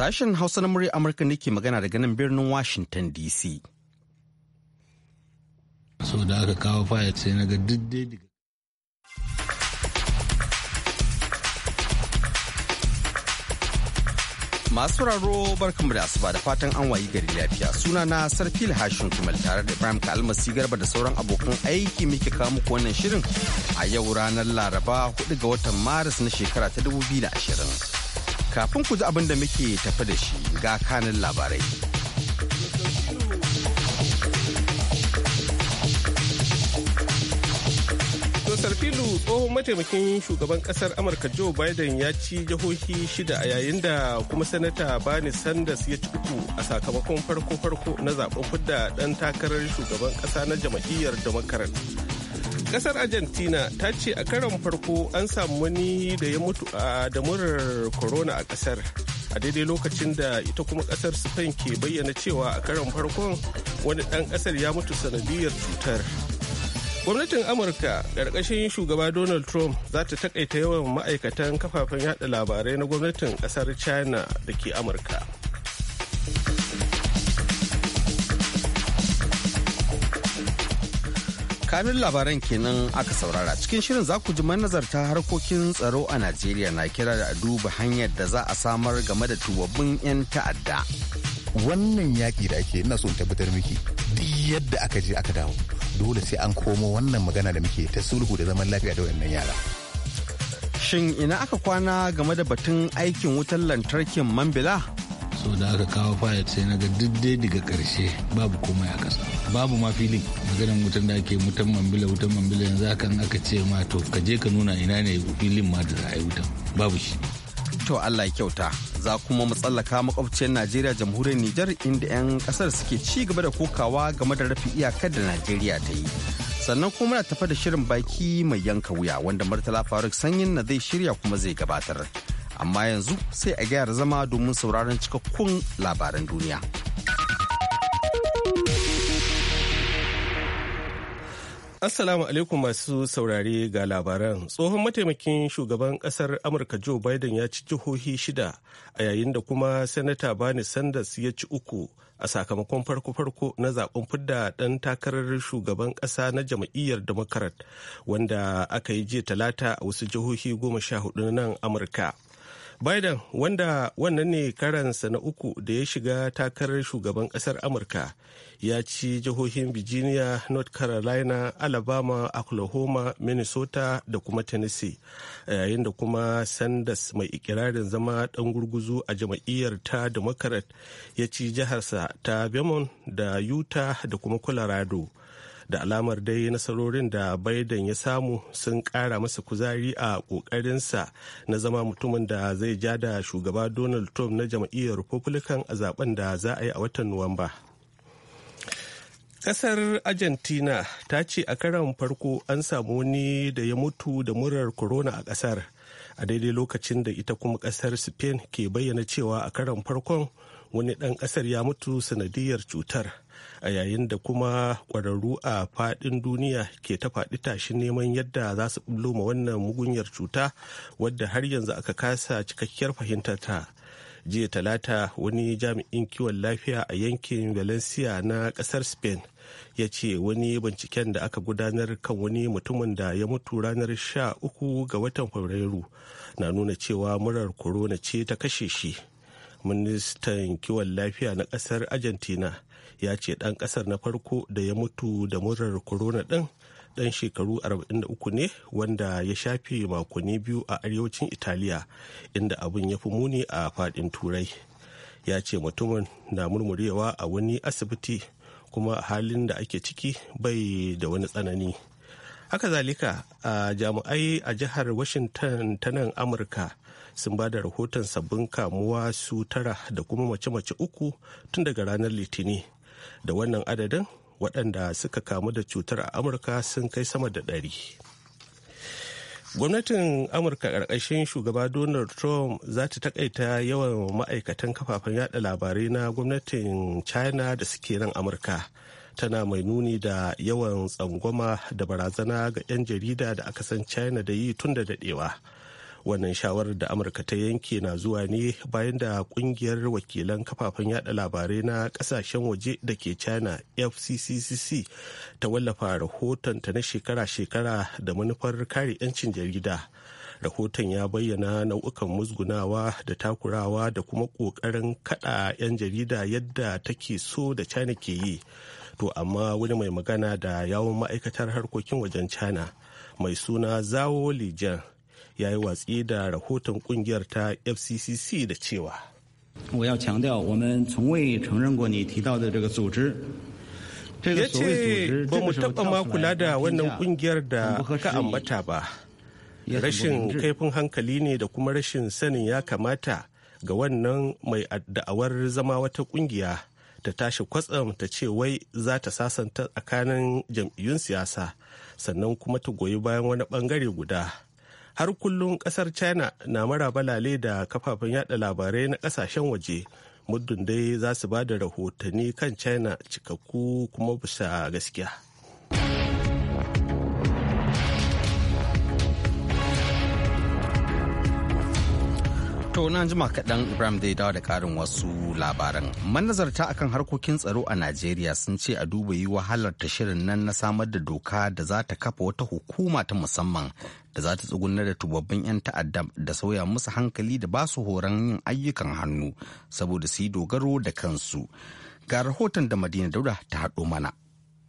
Sashen Hausa na murya Amurka ne ke magana daga nan birnin Washington DC. Masu raro barkanmu da asuba da fatan an wayi gari lafiya suna na sarfil hashin kumal tare da Ibrahim Kalmasi Garba da sauran abokan aiki muke kawo muku wannan shirin a yau ranar Laraba 4 ga watan Maris na shekara ta 2020. Kafin ku ji abin da muke tafi da shi ga kanin labarai. Dr. filu tsohon mataimakin shugaban kasar Amurka Joe Biden ya ci jihohi shida a yayin da kuma Sanata Bernie Sanders ya ci uku a sakamakon farko-farko na zaben fidda dan takarar shugaban ƙasa na jam'iyyar Democrat. kasar argentina ta ce a karon farko an samu wani da ya mutu a damurar corona a kasar a daidai lokacin da ita kuma kasar spain ke bayyana cewa a karon farkon wani ɗan kasar ya mutu sanadiyar cutar gwamnatin amurka ƙarƙashin shugaba donald trump za ta takaita yawan ma'aikatan kafafen yada labarai na gwamnatin ƙasar china da ke amurka kamin labaran kenan aka saurara cikin shirin za ku ji manazarta harkokin tsaro a najeriya na kira da a duba hanyar da za a samar game da tubabbin 'yan ta'adda wannan yaƙi da ake ina son tabbatar miki duk yadda aka je aka dawo dole sai an komo wannan magana da muke ta sulhu da zaman lafiya da wannan yara shin ina aka kwana game da batun aikin wutar lantarkin mambila so da aka kawo fayat sai na ga duk daga karshe babu komai a kasa babu ma filin maganin wutan da ake wutan mambila wutan mambila yanzu hakan aka ce ma to ka je ka nuna ina ne filin ma da za wutan babu shi to Allah ya kyauta za kuma mu tsallaka makwabciyar Najeriya jamhuriyar Nijar inda 'yan kasar suke ci gaba da kokawa game da rafi iyakar da Najeriya ta yi. Sannan kuma na tafa da shirin baki mai yanka wuya wanda Murtala Faruk Sanyin na zai shirya kuma zai gabatar. amma yanzu sai a gyara zama domin sauraron cikakkun labaran duniya. Assalamu alaikum masu saurare ga labaran. Tsohon mataimakin shugaban kasar Amurka Joe Biden ya ci jihohi shida a yayin da kuma Sanata Bernie Sanders ya ci uku a sakamakon farko-farko na zaben fidda ɗan takarar shugaban ƙasa na jam'iyyar Democrat wanda aka yi jiya talata a wasu jihohi goma sha hudu nan Amurka. Biden wanda wannan ne karansa na uku da ya shiga takarar shugaban kasar Amurka ya ci jihohin Virginia, North Carolina, Alabama, Oklahoma, Minnesota da kuma Tennessee. Yayin da kuma Sanders mai ikirarin zama dan gurguzu a jam'iyyar ta Democrat ya ci jiharsa ta Vermont da Utah da kuma Colorado. da alamar dai nasarorin da biden ya samu sun kara masa kuzari a kokarinsa na zama mutumin da zai ja da shugaba donald trump na jam'iyyar republican a zaben da za a yi a watan nuwamba kasar argentina ta ce a karan farko an samu wani da ya mutu da murar corona a kasar a daidai lokacin da ita kuma kasar spain ke bayyana cewa a karan farkon wani ɗan kasar ya mutu sanadiyar cutar a yayin da kuma kwararru a faɗin duniya ke ta faɗi tashin neman yadda za su bullo ma wannan mugunyar cuta wadda har yanzu aka kasa cikakkiyar fahimtar ta jiya talata wani jami'in kiwon lafiya a yankin valencia na ƙasar spain ya ce wani binciken da aka gudanar kan wani mutumin da ya mutu ranar sha uku ga watan fabrairu na nuna cewa murar corona ce ta kashe shi ministan kiwon lafiya na kasar argentina ya ce ɗan ƙasar na farko da ya mutu da murar corona ɗin ɗan shekaru 43 ne wanda ya shafe makonni biyu a arewacin italiya inda abin ya fi muni a faɗin turai ya ce mutumin na murmurewa a wani asibiti kuma halin da ake ciki bai da wani tsanani haka zalika a jami'ai a jihar washington ta nan amurka sun ba da rahoton sabbin kamuwa su tara da kuma mace-mace uku tun daga ranar litini da wannan adadin waɗanda suka kamu da cutar a amurka sun kai sama da ɗari gwamnatin amurka ƙarƙashin shugaba donald trump za ta takaita yawan ma'aikatan kafafen yada labarai na gwamnatin china da suke nan amurka tana mai nuni da yawan tsangwama da barazana ga 'yan jarida da aka san china da yi tun da daɗewa. wannan shawarar da amurka ta yanke na zuwa ne bayan da kungiyar wakilan kafafen yada labarai na kasashen waje da ke china fccc ta wallafa rahoton ta na shekara-shekara da manufar kare 'yancin jarida rahoton ya bayyana nau'ukan musgunawa da takurawa da kuma ƙoƙarin kaɗa 'yan jarida yadda take so da china ke yi to amma wani mai magana da yawon ma'aikatar harkokin wajen china mai suna zawo lijan ya yi watsi da rahoton kungiyar ta fccc da cewa ya ce ba mu taɓa ma kula da wannan kungiyar da ka ambata ba rashin kaifin hankali ne da kuma rashin sanin ya kamata ga wannan mai da'awar zama wata kungiya ta tashi kwatsam ta ce wai za ta sasanta tsakanin jam'iyyun siyasa sannan kuma ta goyi bayan wani bangare guda har kullum kasar china na mara balale da kafafen yada labarai na kasashen waje muddin dai za su ba da rahotanni kan china cikakku kuma bisa gaskiya To na jima kaɗan Ibrahim zai dawo da ƙarin wasu labaran. Manazarta akan harkokin tsaro a Najeriya sun ce a duba yi wahalar ta shirin nan na samar da doka da za ta kafa wata hukuma ta musamman da za ta tsugunar da tubabbin 'yan ta'adda da sauya musu hankali da ba su horon yin ayyukan hannu saboda su yi dogaro da kansu. Ga rahoton da Madina Dauda ta haɗo mana.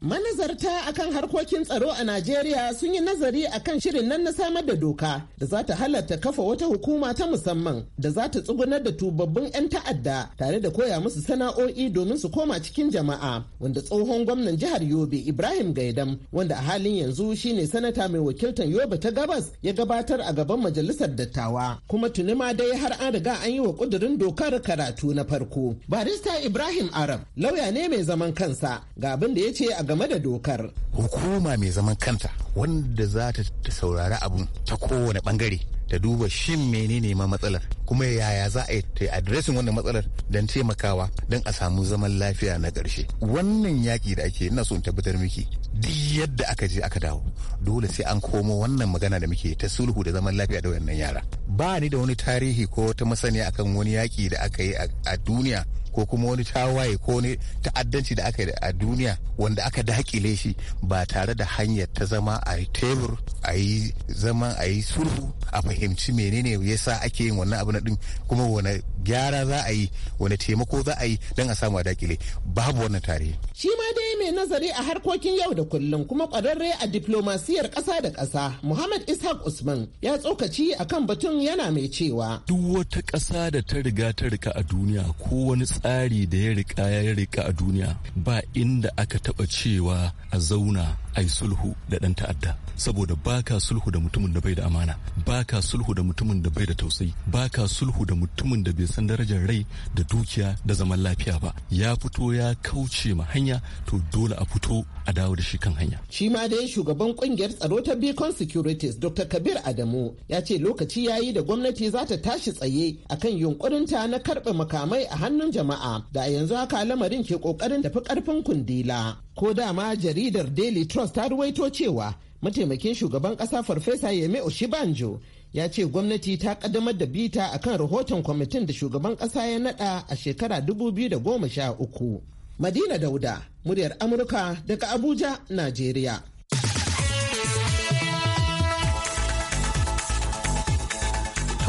Manazarta akan harkokin tsaro a Najeriya sun yi nazari akan shirin nan na samar da doka da za ta halatta kafa wata hukuma ta musamman da za ta tsugunar da tubabbin 'yan ta'adda tare da koya musu sana'o'i domin su koma cikin jama'a wanda tsohon gwamnan jihar Yobe Ibrahim Gaidam wanda a halin yanzu shine sanata mai wakiltar Yobe ta Gabas ya gabatar a gaban majalisar dattawa kuma tuni ma dai har an riga an yi wa kudurin dokar karatu na farko. Barista Ibrahim Arab lauya ne mai zaman kansa ga abin da ya ce a game da dokar. Hukuma mai zaman kanta wanda za ta saurari abu ta kowane bangare ta duba shin menene ma matsalar kuma yaya za a yi addressing wannan matsalar don taimakawa don a samu zaman lafiya na ƙarshe wannan yaƙi da ake ina so in tabbatar miki duk yadda aka je aka dawo dole sai an komo wannan magana da muke ta sulhu da zaman lafiya da wannan yara ba ni da wani tarihi ko ta masaniya akan wani yaƙi da aka yi a duniya ko kuma wani tawaye ko wani ta'addanci da aka yi a duniya wanda aka dakile shi ba tare da hanyar ta zama a yi tebur a yi zama a yi sulhu a fahimci menene ya sa ake yin wannan abu na din kuma wani gyara za a yi wani taimako za a yi don a samu a dakile babu wannan tarihi shi ma dai mai nazari a harkokin yau da kullum kuma kwararre a diplomasiyar ƙasa da ƙasa muhammad ishaq usman ya tsokaci akan batun yana mai cewa duk wata ƙasa da ta riga ta rika a duniya ko wani tsari da ya rika ya rika a duniya ba inda aka taba cewa a zauna Ai sulhu da ɗan ta'adda saboda baka sulhu da mutumin da bai da amana baka sulhu da mutumin da bai da tausayi baka sulhu da mutumin da bai san darajar rai da dukiya da zaman lafiya ba ya fito ya kauce ma hanya to dole a fito a dawo da shi kan hanya shi ma dai shugaban kungiyar tsaro ta Beacon Securities Dr. Kabir Adamu ya ce lokaci yayi da gwamnati za ta tashi tsaye akan ta na karɓe makamai a hannun jama'a da yanzu haka lamarin ke kokarin tafi karfin kundila ko dama jaridar daily trust ta ruwaito cewa mataimakin shugaban kasa farfesa yeme oshibanjo ya ce gwamnati ta kaddamar da bita akan rahoton kwamitin da shugaban kasa ya nada a shekara 2013 madina dauda muryar amurka daga abuja najeriya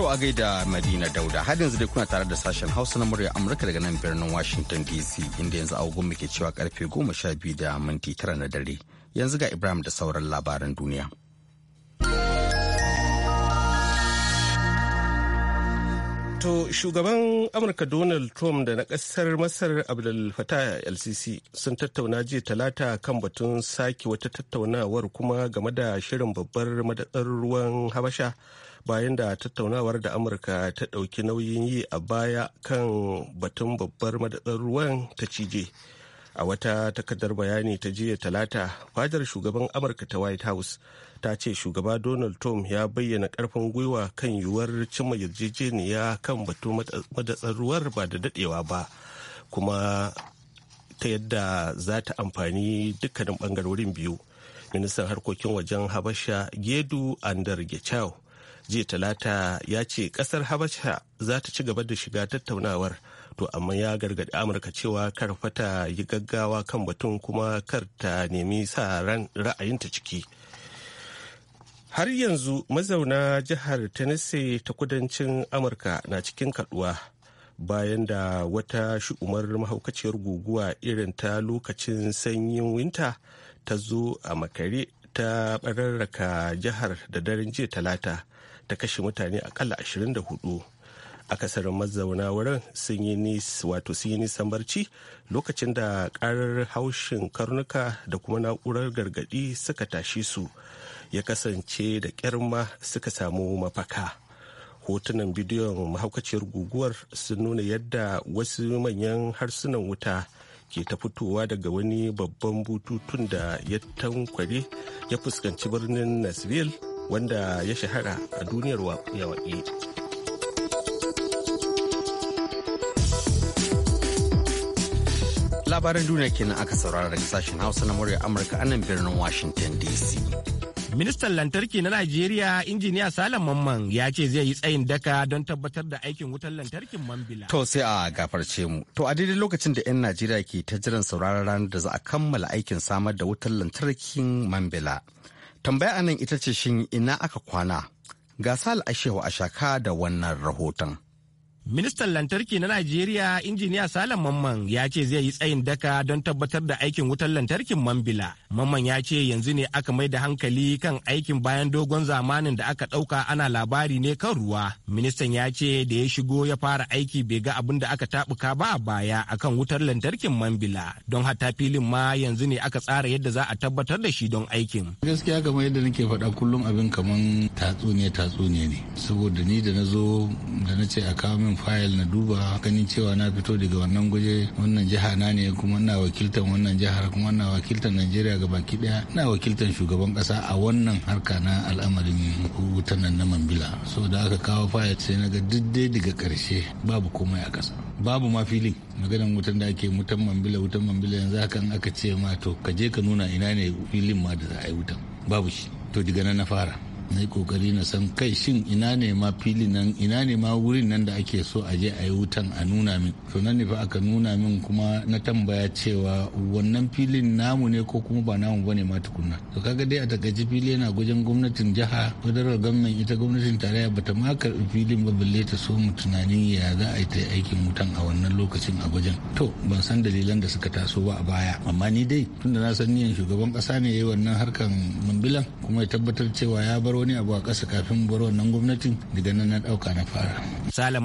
To a gaida Madina Dauda har yanzu dai kuna tare da sashen Hausa na murya Amurka daga nan birnin Washington DC inda yanzu agogon muke cewa karfe goma sha biyu da minti 9 na dare. Yanzu ga Ibrahim da sauran labaran duniya. To shugaban Amurka Donald Trump da na ƙasar Masar Abdul Fattah LCC sun tattauna jiya talata kan batun sake wata tattaunawar kuma game da shirin babbar madadar ruwan Habasha. bayan da tattaunawar da amurka ta ɗauki nauyin yi a baya kan batun babbar madadar ruwan ta cije a wata takardar bayani ta jiya talata fadar shugaban amurka ta white house ta ce shugaba donald trump ya bayyana karfin gwiwa kan yiwuwar cimma yarjejeniya kan batun madatsar ruwar ba da dadewa ba kuma ta yadda za ta amfani dukkanin bangarorin biyu ministan harkokin wajen habasha gedu andar gechau jiya talata ya ce kasar habasha za ta ci gaba da shiga tattaunawar to amma ya gargaɗi amurka cewa kar fata yi gaggawa kan batun kuma kar ta nemi sa ran ra'ayinta ciki har yanzu mazauna jihar tennessee ta kudancin amurka na cikin kaduwa bayan da wata shi'umar mahaukaciyar guguwa irin ta lokacin sanyin winta ta zo a makare ta bararraka jihar da daren jiya talata ta kashe mutane akalla 24 akasarin mazauna wurin sun yi wato sun yi nisan barci lokacin da karar haushin karnuka da kuma na'urar gargadi suka tashi su ya kasance da kirma suka samu mafaka hotunan bidiyon mahaukaciyar guguwar sun nuna yadda wasu manyan harsunan wuta ke ta fitowa daga wani babban bututun da ya tankware ya fuskanci birnin nashville wanda ya shahara a duniyar waƙe-waƙe. Labaran duniya kenan aka saurara daga sashen Hausa na murya Amurka a nan birnin Washington DC. Ministan lantarki na Najeriya, injiniya Salam Mamman ya ce zai yi tsayin daka don tabbatar da aikin wutar lantarkin Mambila. To sai a gafarce mu. To a daidai lokacin da 'yan Najeriya ke ta jiran sauraron ranar da za a kammala aikin samar da wutar lantarkin Mambila. tambaya anan ita ce shin ina aka kwana ga sal ashewa a shaka da wannan rahoton Ministan lantarki na Najeriya injiniya Salam Mamman ya ce zai yi tsayin daka don tabbatar da aikin wutar lantarkin Mambila. Mamman ya ce yanzu ne aka mai da hankali kan aikin bayan dogon zamanin da aka ɗauka ana labari ne kan ruwa. Ministan ya ce da ya shigo ya fara aiki bai ga abin da aka tabuka ba a baya akan wutar lantarkin Mambila. Don hata filin ma yanzu ne aka tsara yadda za a tabbatar da shi don aikin. Gaskiya kamar yadda nake faɗa kullum abin kaman tatsuniya tatsuniya ne. Saboda ni da na zo da na ce a kawo min fayil na duba ganin cewa na fito daga wannan guje wannan jiha na ne kuma ina wakiltar wannan jihar kuma ina wakiltar najeriya ga baki daya ina wakiltan shugaban kasa a wannan harka na al'amarin wutan nan na mambila so da aka kawo fayil sai na ga dai daga karshe babu komai a kasa babu ma filin maganan wutan da ake wutan mambila wutan mambila yanzu hakan aka ce ma to ka je ka nuna ina ne filin ma da za a yi wutan babu shi to diga nan na fara na yi kokari na san kai shin ina ne ma fili nan ina ne ma wurin nan da ake so a je a yi wutan a nuna min to nan ne fa aka nuna min kuma na tambaya cewa wannan filin namu ne ko kuma ba namu bane ma tukunna to kaga dai a takaice fili yana gujen gwamnatin jiha federal government ita gwamnatin tarayya bata ma karbi filin ba balle ta so mu tunanin ya za a yi ta aikin wutan a wannan lokacin a gujen to ban san dalilan da suka taso ba a baya amma ni dai tunda na san niyan shugaban kasa ne ya yi wannan harkan mambilan kuma ya tabbatar cewa ya bar wani abu a ƙasa kafin bar wannan gwamnatin daga nan na ɗauka na fara. Sale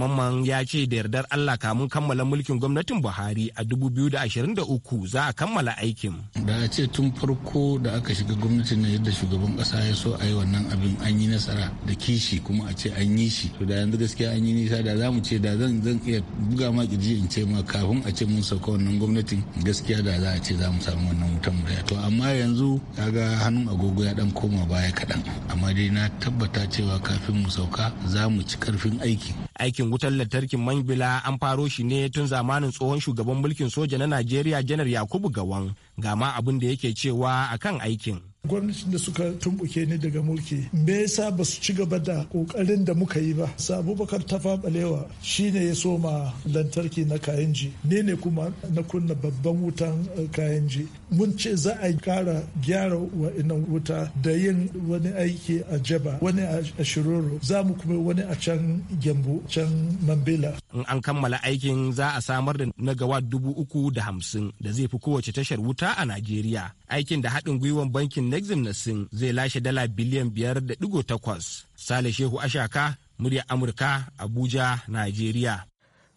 ya ce da yardar Allah kamun kammala mulkin gwamnatin Buhari a dubu da ashirin uku za a kammala aikin. Da a ce tun farko da aka shiga gwamnatin na yadda shugaban ƙasa ya so a yi wannan abin an yi nasara da kishi kuma a ce an yi shi. To da yanzu gaskiya an yi nisa da za mu ce da zan zan iya buga ma kirji in ce ma kafin a ce mun sauka wannan gwamnatin gaskiya da za a ce za mu samu wannan wutan baya To amma yanzu kaga hannun agogo ya dan koma baya kaɗan amma dai na tabbata cewa kafin mu sauka za mu ci karfin aiki. Aikin wutar lantarkin Mangbila an faro shi ne tun zamanin tsohon shugaban mulkin soja na Najeriya janar Yakubu Gawan. Ga ma abin da yake cewa akan aikin. gwamnatin da suka tumbuke ni daga mulki me yasa ba su ci gaba da kokarin da muka yi ba su abubakar fabalewa shi shine ya soma lantarki na kayanji ne ne kuma na kunna babban wutan eh, kayanji mun ce za a kara gyara wa'annan wuta da yin wani aiki a jaba wani a shiroro za mu kuma wani a can gyambo can mambila in an kammala aikin za a samar da na gawa dubu uku da hamsin da zai fi kowace tashar wuta a najeriya aikin da haɗin gwiwan bankin Nexim na Sin zai lashe dala biliyan biyar da digo takwas. Sale Shehu Ashaka, murya Amurka, Abuja, Najeriya.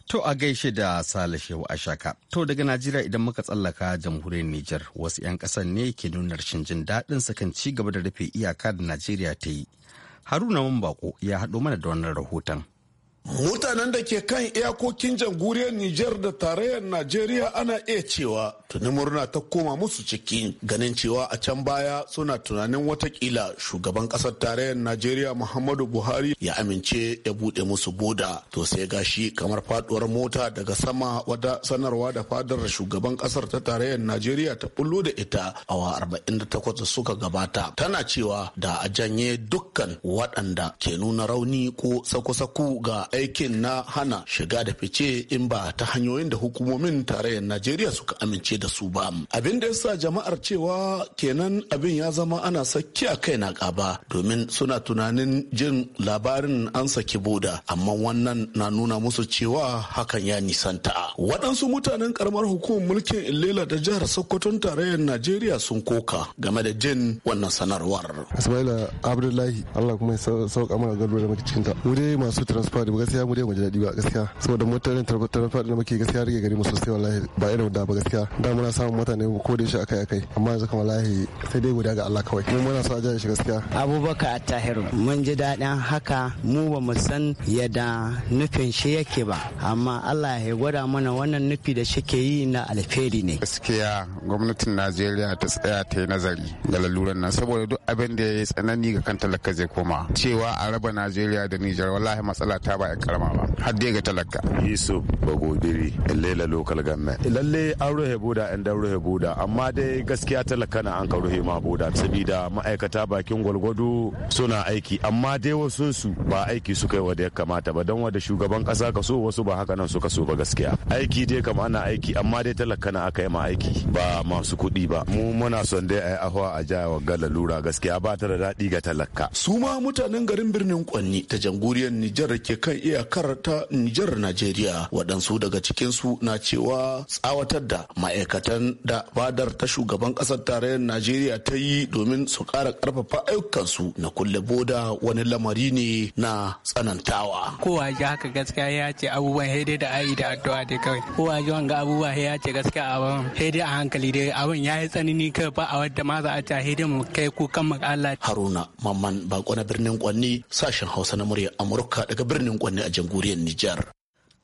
To a gaishe da Sale Shehu Ashaka. To daga Najeriya idan muka tsallaka jamhuriyar Nijar wasu 'yan ƙasar ne ke nuna rashin jin daɗin su kan ci gaba da rufe iyaka da Najeriya ta yi. Haruna Mambako ya haɗo mana da wannan rahoton. Mutanen da ke kan iyakokin jamhuriyar Nijar da tarayyar Najeriya ana iya cewa tuni murna ta koma musu ciki ganin cewa a can baya suna tunanin watakila shugaban kasar tarayyar Najeriya Muhammadu Buhari ya amince ya bude musu boda to sai gashi kamar faduwar mota daga sama wata sanarwa da fadar shugaban kasar ta tarayyar Najeriya ta bullo da ita awa 48 da suka gabata tana cewa da a janye dukkan waɗanda ke nuna rauni ko sako-sako ga aikin na hana shiga da fice in ba ta hanyoyin da hukumomin tarayyar najeriya suka amince da su ba abin da yasa jama'ar cewa kenan abin ya zama ana sakki a kai na kaba domin suna tunanin jin labarin an saki boda amma wannan na nuna musu cewa hakan ya nisanta waɗansu mutanen karamar hukumar mulkin illela da jihar sokoton tarayyar najeriya sun koka game da jin wannan sanarwar ismaila abdullahi allah kuma ya sauka mana gado da cikin ta wuri masu transfer da gaskiya mu dai mu ji daɗi ba gaskiya saboda motar tarbatar faɗi da muke gaskiya rage gari mu sosai wallahi ba irin da ba gaskiya da muna samun mutane ko da shi akai akai amma yanzu kuma wallahi sai dai godiya ga Allah kawai mun muna so a ji shi gaskiya Abubakar Tahiru mun ji daɗin haka mu ba mu san yadda nufin shi yake ba amma Allah ya gwada mana wannan nufi da shi ke yi na alferi ne gaskiya gwamnatin Najeriya ta tsaya ta yi nazari ga laluran nan saboda duk abin da ya yi tsanani ga kan talaka zai koma cewa a raba Najeriya da Nijar wallahi matsala ta ba karama ba har dai ga talaka yusuf bagobiri lela local government lalle an ruhe boda an dan ruhe boda amma dai gaskiya talaka na an ka ruhe ma boda Sabida ma'aikata bakin gwalgwado suna aiki amma dai wasu su ba aiki suka yi wanda ya kamata ba don wanda shugaban kasa ka so wasu ba haka nan suka so ba gaskiya aiki dai kama ana aiki amma dai talaka na aka yi ma aiki ba masu kuɗi ba mu muna son dai a yi ahwa a jaya wa lura gaskiya ba ta da daɗi ga talaka su ma mutanen garin birnin kwanni ta jamhuriyar nijar ke kan iyakar ta Nijar Najeriya waɗansu daga cikinsu na cewa tsawatar da ma'aikatan da fadar ta shugaban ƙasar tarayyar Najeriya ta yi domin su ƙara ƙarfafa ayyukansu na kulle boda wani lamari ne na tsanantawa. Kowa ji haka gaskiya ya ce abubuwan haide da ayi da addu'a dai kawai. Kowa ji wanga abubuwa ya ce gaskiya abun haide a hankali dai abun ya yi tsanani kai ba a wadda ma za a ce haidai mu kai kukan mu Allah. Haruna Mamman Bako na birnin Kwanni sashen Hausa na murya Amurka daga birnin Kwanni. kasuwanni a jamhuriyar Nijar.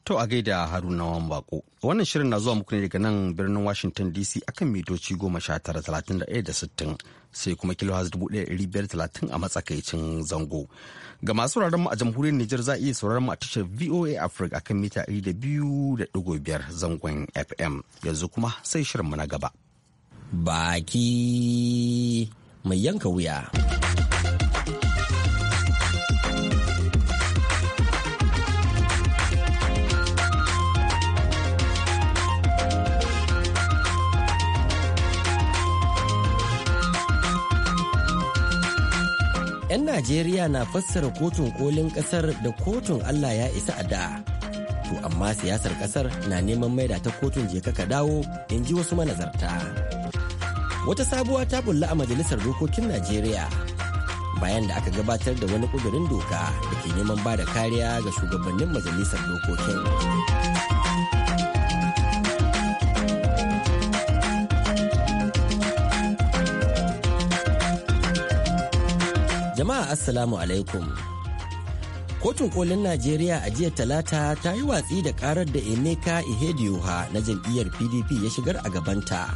To a gaida Haruna Wan Bako. Wannan shirin na zuwa muku ne daga nan birnin Washington DC akan mitoci goma sha tara talatin da da sittin sai kuma kilohaz dubu ɗaya ɗari biyar talatin a matsakaicin zango. Ga masu sauraron mu a jamhuriyar Nijar za a iya sauraron mu a tashar VOA Africa akan mita ɗari da biyu da ɗigo biyar zangon FM. Yanzu kuma sai shirin mu na gaba. Baki mai yanka wuya. 'yan najeriya na fassara kotun kolin kasar da kotun allah ya isa a da to amma siyasar kasar na neman maida ta kotun jeka ka dawo in ji wasu manazarta wata sabuwa ta bulla a majalisar dokokin najeriya bayan da aka gabatar da wani ƙudurin doka da ke neman ba da kariya ga shugabannin majalisar dokokin Jama'a Assalamu alaikum. Kotun kolin Najeriya a jiya talata ta yi watsi da karar da Emeka Ihedioha na jam'iyyar PDP ya shigar a gabanta.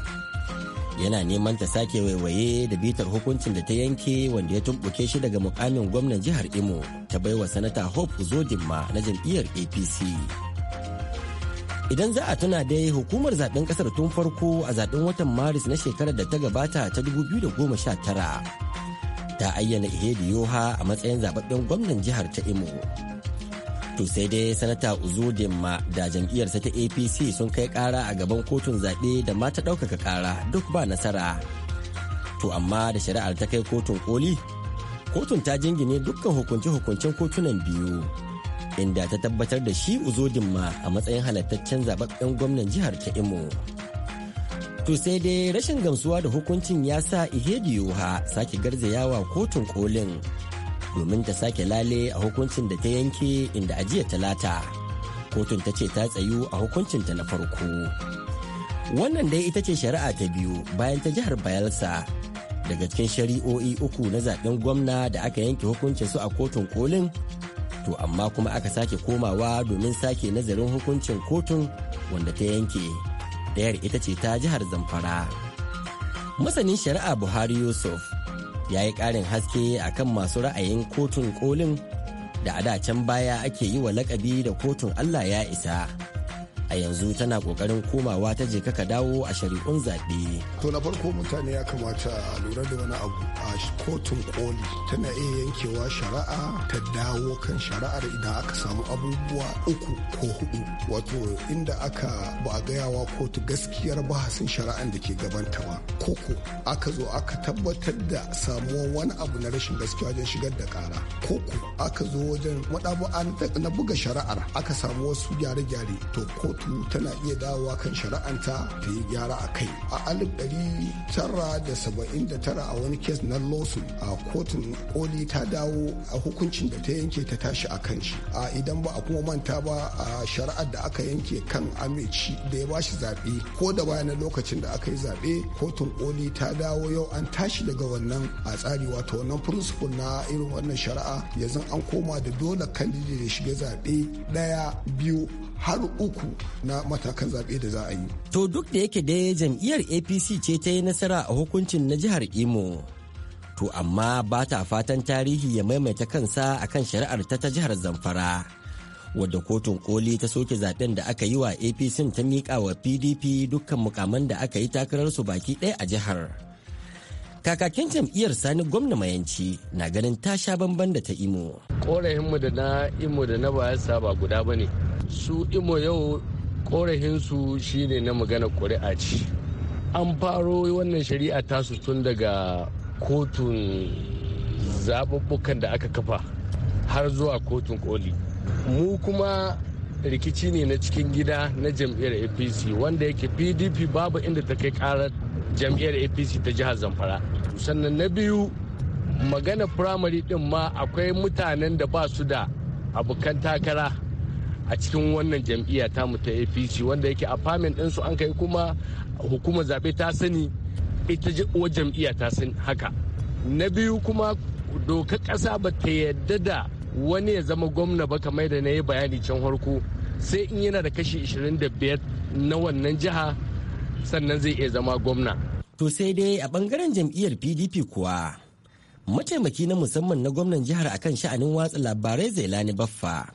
Yana neman ta sake waiwaye da bitar hukuncin da ta yanke wanda ya tumbuke shi daga mukamin gwamnan jihar Imo ta baiwa sanata Hope Zodinma na jam'iyyar APC. Idan za a tuna dai hukumar zaben kasar tun farko a zaben watan Maris na shekarar da ta gabata ta 2019 ta ayyana Ihedi Yoha a matsayin zababben gwamnan jihar ta Imo. To sai dai sanata Uzodinma da jam'iyyarsa ta APC sun kai kara a gaban kotun zaɓe da ma ta ɗaukaka kara duk ba nasara. To amma da shari'ar ta kai kotun koli, kotun ta jingine dukkan hukunce-hukuncen kotunan biyu. Inda ta tabbatar da shi Uzodinma a matsayin halattaccen zababben gwamnan jihar ta Imo. To sai dai rashin gamsuwa da hukuncin ya sa Ihediyoha sake garzayawa kotun kolin domin ta sake lale a hukuncin da ta yanke inda ajiya talata. Kotun ta ce ta tsayu a hukuncin ta na farko. Wannan dai ita ce shari'a ta biyu bayan ta jihar Bayelsa daga cikin shari'o'i uku na zaben gwamna da aka yanke hukuncin su a kotun kolin to amma kuma aka sake komawa domin sake nazarin hukuncin kotun wanda ta yanke. ɗayar ita ce ta jihar zamfara masanin shari'a buhari yusuf ya yi ƙarin haske akan masu ra'ayin kotun kolin da a da can baya ake yi wa lakabi da kotun allah ya isa a yanzu tana kokarin komawa ta je kaka dawo a shari'un zaɓe. to na farko mutane ya kamata a lura da wani abu a kotun koli tana iya yankewa shari'a ta dawo kan shari'ar idan aka samu abubuwa uku ko hudu wato inda aka ba a gayawa kotu gaskiyar bahasin shari'an da ke gabanta ba koko aka zo aka tabbatar da samuwar wani abu na rashin gaskiya wajen shigar da kara koko aka zo wajen maɗabu'an na buga shari'ar aka samu wasu gyare-gyare to kotu tana iya dawowa kan shari'anta ta yi gyara a kai a alif ɗari tara da saba'in da tara a wani kes na lawson a kotun koli ta dawo a hukuncin da ta yanke ta tashi a kan shi a idan ba a kuma manta ba a shari'ar da aka yanke kan ameci da ya bashi zaɓe ko da bayan lokacin da aka yi zaɓe kotun koli ta dawo yau an tashi daga wannan a tsari wato wannan principle na irin wannan shari'a yanzu an koma da dole kandidi da shiga zaɓe ɗaya biyu har uku na matakan zaɓe da za a yi. To duk da yake da jam'iyyar APC ce ta yi nasara a hukuncin na jihar Imo. To amma ba ta fatan tarihi ya maimaita kansa akan shari'ar ta ta jihar Zamfara. wadda kotun koli ta soke zaben da aka yi wa apc ta miƙa wa pdp dukkan mukaman da aka yi takararsu baki ɗaya a jihar kakakin jam'iyyar sani gwamna mayanci na ganin ta sha bamban da ta imo korafinmu da na imo da na bayasa ba guda ba ne su imo yau korafinsu shine na magana ƙuri'a ce an faro wannan shari'a tasu tun daga kotun zaɓuɓɓukan da aka kafa har zuwa kotun koli mu kuma rikici ne na cikin gida na jam'iyyar apc wanda yake pdp babu inda ta kai karar jam'iyyar apc ta jihar zamfara sannan na biyu magana firamare din ma akwai mutanen da ba su da abokan takara a cikin wannan jam'iyya ta ta apc wanda yake a ɗinsu an kai kuma hukumar zaɓe ta sani ita jam'iyya ta sani haka na biyu kuma doka ƙasa ba ta yadda da wani ya zama gwamna ba kamar da na yi bayani can harko sai in yana da kashi 25 na wannan jiha sannan zai iya zama gwamna. To sai dai a bangaren jam'iyyar PDP kuwa mataimaki na musamman na gwamnan jihar a kan sha'anin watsa labarai Zailani Baffa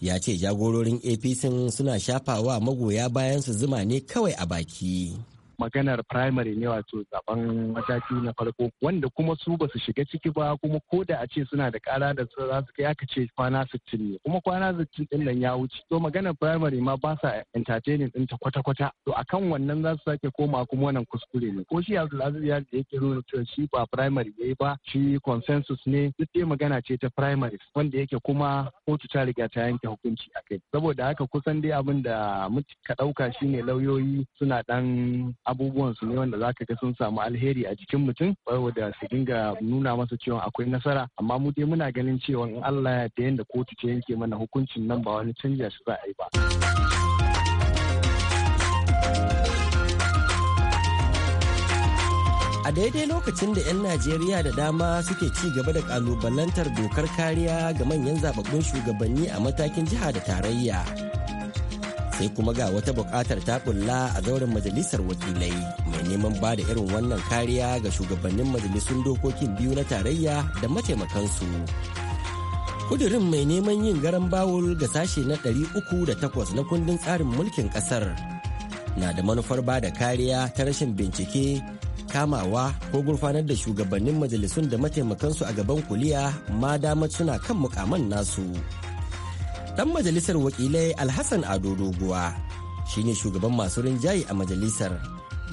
ya ce jagororin APC suna shafawa magoya bayan su zuma ne kawai a baki. maganar primary ne wato zaben mataki na farko wanda kuma su ba su shiga ciki ba kuma ko da a ce suna da kara da su za su kai aka ce kwana sittin ne kuma kwana sittin din nan ya wuce to maganar primary ma ba sa entertaining din ta kwata-kwata to akan wannan za su sake koma kuma wannan kuskure ne ko shi Abdulaziz ya da yake nuna cewa shi ba primary yayi ba shi consensus ne duk dai magana ce ta primaries wanda yake kuma kotu ta riga ta yanke hukunci akai saboda haka kusan dai abin da muka dauka shine lauyoyi suna dan. abubuwan su ne wanda zaka ga sun samu alheri a jikin mutum saboda su dinga nuna masa cewa akwai nasara amma mu dai muna ganin cewa in Allah ya da yanda kotu ce yanke mana hukuncin nan ba wani canja shi za a yi ba. a daidai lokacin da 'yan najeriya da dama suke ci gaba da kalubalantar dokar kariya ga manyan zababbun shugabanni a matakin jiha da tarayya sai kuma ga wata buƙatar ta kulla a zauren majalisar wakilai mai neman ba da irin wannan kariya ga shugabannin majalisun dokokin biyu na tarayya da mataimakansu Kudurin mai neman yin garan bawul ga sashe na 308 na kundin tsarin mulkin kasar na da manufar ba da kariya ta rashin bincike kamawa ko gurfanar da shugabannin majalisun da mataimakansu a gaban kuliya ma damar suna kan mukaman nasu. Dan majalisar wakilai Alhassan Ado Doguwa shine shugaban masu rinjaye a majalisar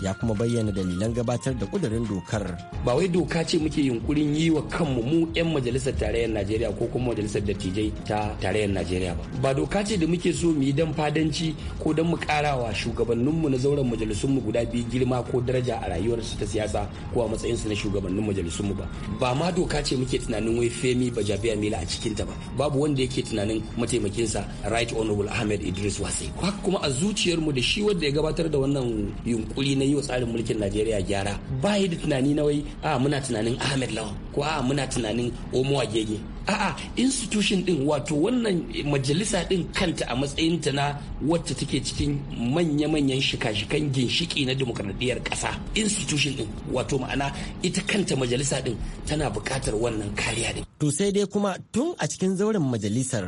ya kuma bayyana dalilan gabatar da kudurin dokar. Ba wai doka ce muke yunkurin yi wa kanmu mu 'yan majalisar tarayyar Najeriya ko kuma majalisar dattijai ta tarayyar Najeriya ba. Ba doka ce da muke so mu yi dan fadanci ko dan mu karawa shugabanninmu na zauren majalisunmu guda biyu girma ko daraja a rayuwarsu ta siyasa ko a matsayinsu na shugabannin majalisunmu ba. Ba ma doka ce muke tunanin wai Femi Bajabiya Mila a cikinta ba. Babu wanda yake tunanin mataimakinsa Right Honorable Ahmed Idris Wase. Kuma a zuciyarmu da shi wanda ya gabatar da wannan yunkuri na na yi wa tsarin mulkin najeriya gyara ba yi da tunani na wai a muna tunanin ahmed lawan ko a muna tunanin omo agege a'a institution din wato wannan majalisa din kanta a matsayin ta na wacce take cikin manya-manyan shika-shikan ginshiki na demokradiyyar kasa institution din wato ma'ana ita kanta majalisa din tana bukatar wannan kariya din to sai dai kuma tun a cikin zauren majalisar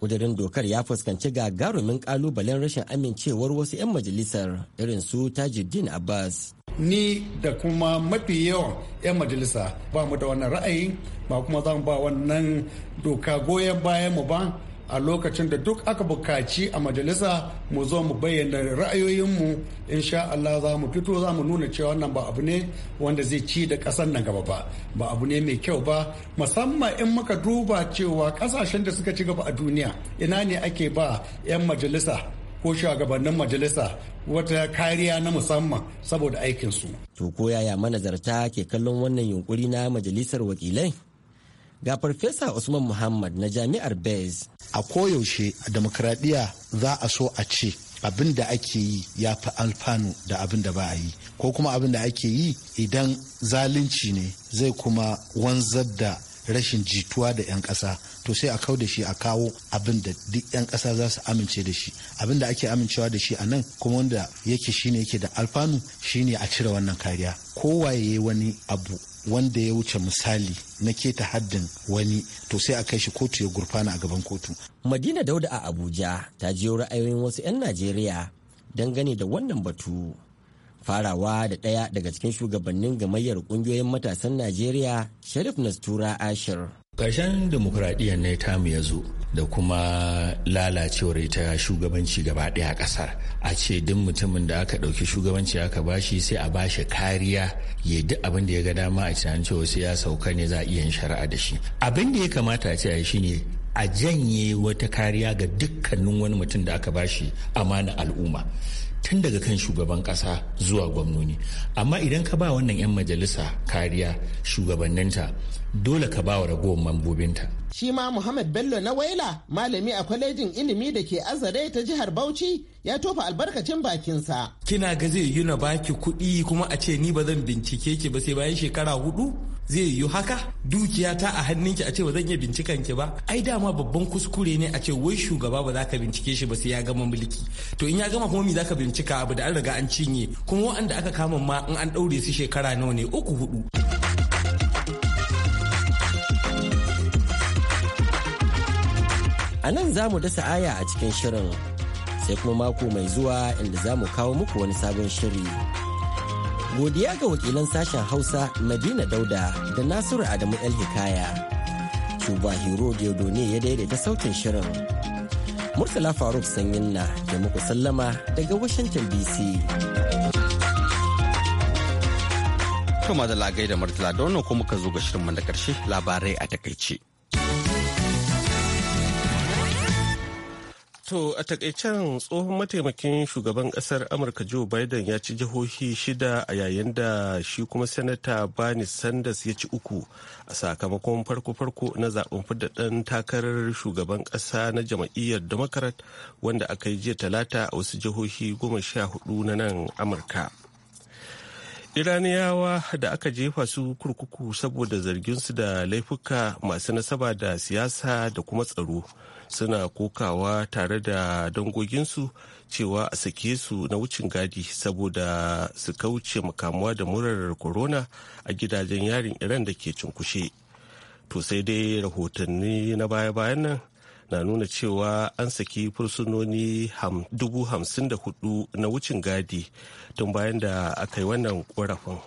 kudirin dokar ya fuskanci gagarumin kalubalen rashin amincewar wasu 'yan majalisar irin su tajuddin abbas ni da kuma mafi yawan 'yan majalisa ba mu da wannan ra'ayi ba kuma zan ba wannan doka goyon bayan mu ba a lokacin da duk aka bukaci a majalisa mu zo mu bayyana ra'ayoyinmu insha Allah za mu fito za mu nuna cewa wannan ba abu ne wanda zai ci da ƙasar nan gaba ba ba abu ne mai kyau ba musamman in muka duba cewa ƙasashen da suka ci gaba a duniya ina ne ake ba 'yan majalisa ko shugabannin majalisa wata kariya na musamman saboda aikinsu. To koyaya yaya manazarta ke kallon wannan yunkuri na majalisar wakilai? ga farfesa usman muhammad na jami'ar bez a koyaushe a demokradiyya za a so a ce abin da ake yi ya fi alfanu da abin da ba a yi ko kuma abin da ake yi idan zalunci ne zai kuma wanzar da rashin jituwa da 'yan ƙasa to sai a kau da shi a kawo abin da duk 'yan ƙasa za su amince da shi abin da ake amincewa da shi a nan kuma wanda yake shine yake da alfanu shine a cire wannan kariya kowaye wani abu wanda ya wuce misali na keta haddin wani to sai a kai shi kotu ya gurfana a gaban kotu. Madina Dauda a Abuja ta jiyo ra'ayoyin wasu 'yan Najeriya dangane da wannan batu. Farawa da ɗaya daga cikin shugabannin gamayyar ƙungiyoyin matasan Najeriya Sharif Nastura Ashir. ƙarshen demokuraɗiyyar ne tamu ya zo da kuma lalacewar ita shugabanci gaba ɗaya ƙasar a ce duk mutumin da aka ɗauki shugabanci aka bashi sai a bashi kariya ya duk abin da ya ga dama a tunanin cewa sai ya sauka ne za a iya shari'a da shi abin da ya kamata a ce a shi ne a janye wata kariya ga dukkanin wani mutum da aka bashi amana al'umma tun daga kan shugaban kasa zuwa gwamnoni amma idan ka ba wannan 'yan majalisa kariya shugabanninta dole ka ba wa ragowar mambobinta shi ma muhammad bello na waila malami a kwalejin ilimi da ke azare ta jihar bauchi ya tofa albarkacin bakinsa kina ga zai yi na baki kuɗi kuma a ce ni ba zan bincike ki ba sai bayan shekara hudu zai yiwu haka dukiya ta a hannunki a ce ba zan iya bincikan ki ba ai dama babban kuskure ne a ce wai shugaba ba za ka bincike shi ba sai ya gama mulki to in ya gama kuma me za ka bincika abu da an riga an cinye kuma waɗanda aka kama ma in an ɗaure su shekara nawa ne uku hudu. A nan za mu dasa aya a cikin shirin sai kuma mako mai zuwa inda za mu kawo muku wani sabon shiri. Godiya ga wakilan sashen Hausa nadina Dauda da Nasiru Adamu El Hikaya. Tuba Hero Diodone ya daidaita sautin shirin. Murtala Faruk Sanyin na da muku sallama daga Washington DC. Kuma da lagai da Murtala da wannan kuma ka zo ga shirinmu na karshe labarai a takaice. To a takaicen tsohon mataimakin shugaban kasar Amurka Joe Biden ya ci jihohi shida a yayin da shi kuma Sanata Bernie Sanders ya ci uku a sakamakon farko-farko na zaben fiddaɗen takarar shugaban ƙasa na jam'iyyar Democrat wanda aka yi jiya talata a wasu jihohi goma sha hudu na nan Amurka. iraniyawa da aka jefa su kurkuku saboda zargin su da laifuka masu nasaba da siyasa da kuma tsaro suna kokawa tare da dangoginsu cewa a sake su na wucin gadi saboda su kauce makamuwa da murar corona a gidajen yarin iran da ke cunkushe to sai dai rahotanni na baya-bayan nan na nuna cewa an saki fursunoni dubu hamsin da hudu na wucin gadi tun bayan da aka yi wannan ƙorafin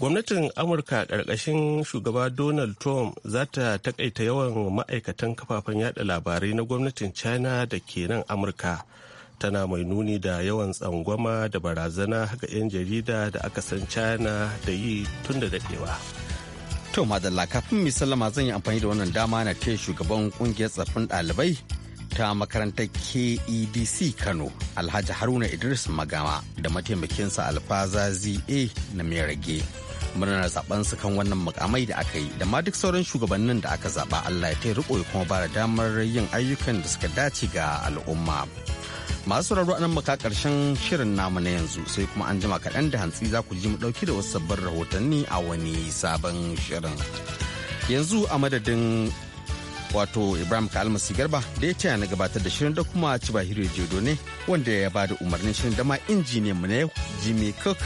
gwamnatin amurka ƙarƙashin shugaba donald trump za ta takaita yawan ma'aikatan kafafen yada labarai na gwamnatin china da ke nan amurka tana mai nuni da yawan tsangwama da barazana ga 'yan jarida da aka san china da yi tun da daɗewa. To madalla kafin mai sallama zan yi amfani da wannan dama na taya shugaban kungiyar tsaffin ɗalibai ta makarantar KEDC Kano Alhaji Haruna Idris Magama da mataimakinsa Alfaza ZA na Merage. murnar zaben su kan wannan mukamai da aka yi da ma duk sauran shugabannin da aka zaba Allah ya ta riko ya kuma bara damar yin ayyukan da suka dace ga al'umma. masu sauraro anan maka karshen shirin namu na yanzu sai kuma an jima kaɗan da hantsi za ku ji mu ɗauki da wasu sabbin rahotanni a wani sabon shirin yanzu a madadin wato ibrahim kalmasi garba da ya taya na gabatar da shirin da kuma cibahiru hiro jedo ne wanda ya bada umarnin shirin da ma injiniyan mu na jimmy cook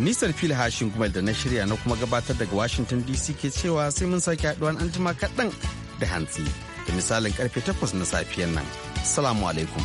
nisan fili hashin gumel da na shirya na kuma gabatar daga washington dc ke cewa sai mun sake haɗuwa an jima kaɗan da hantsi da misalin karfe 8 na safiyan nan salamu alaikum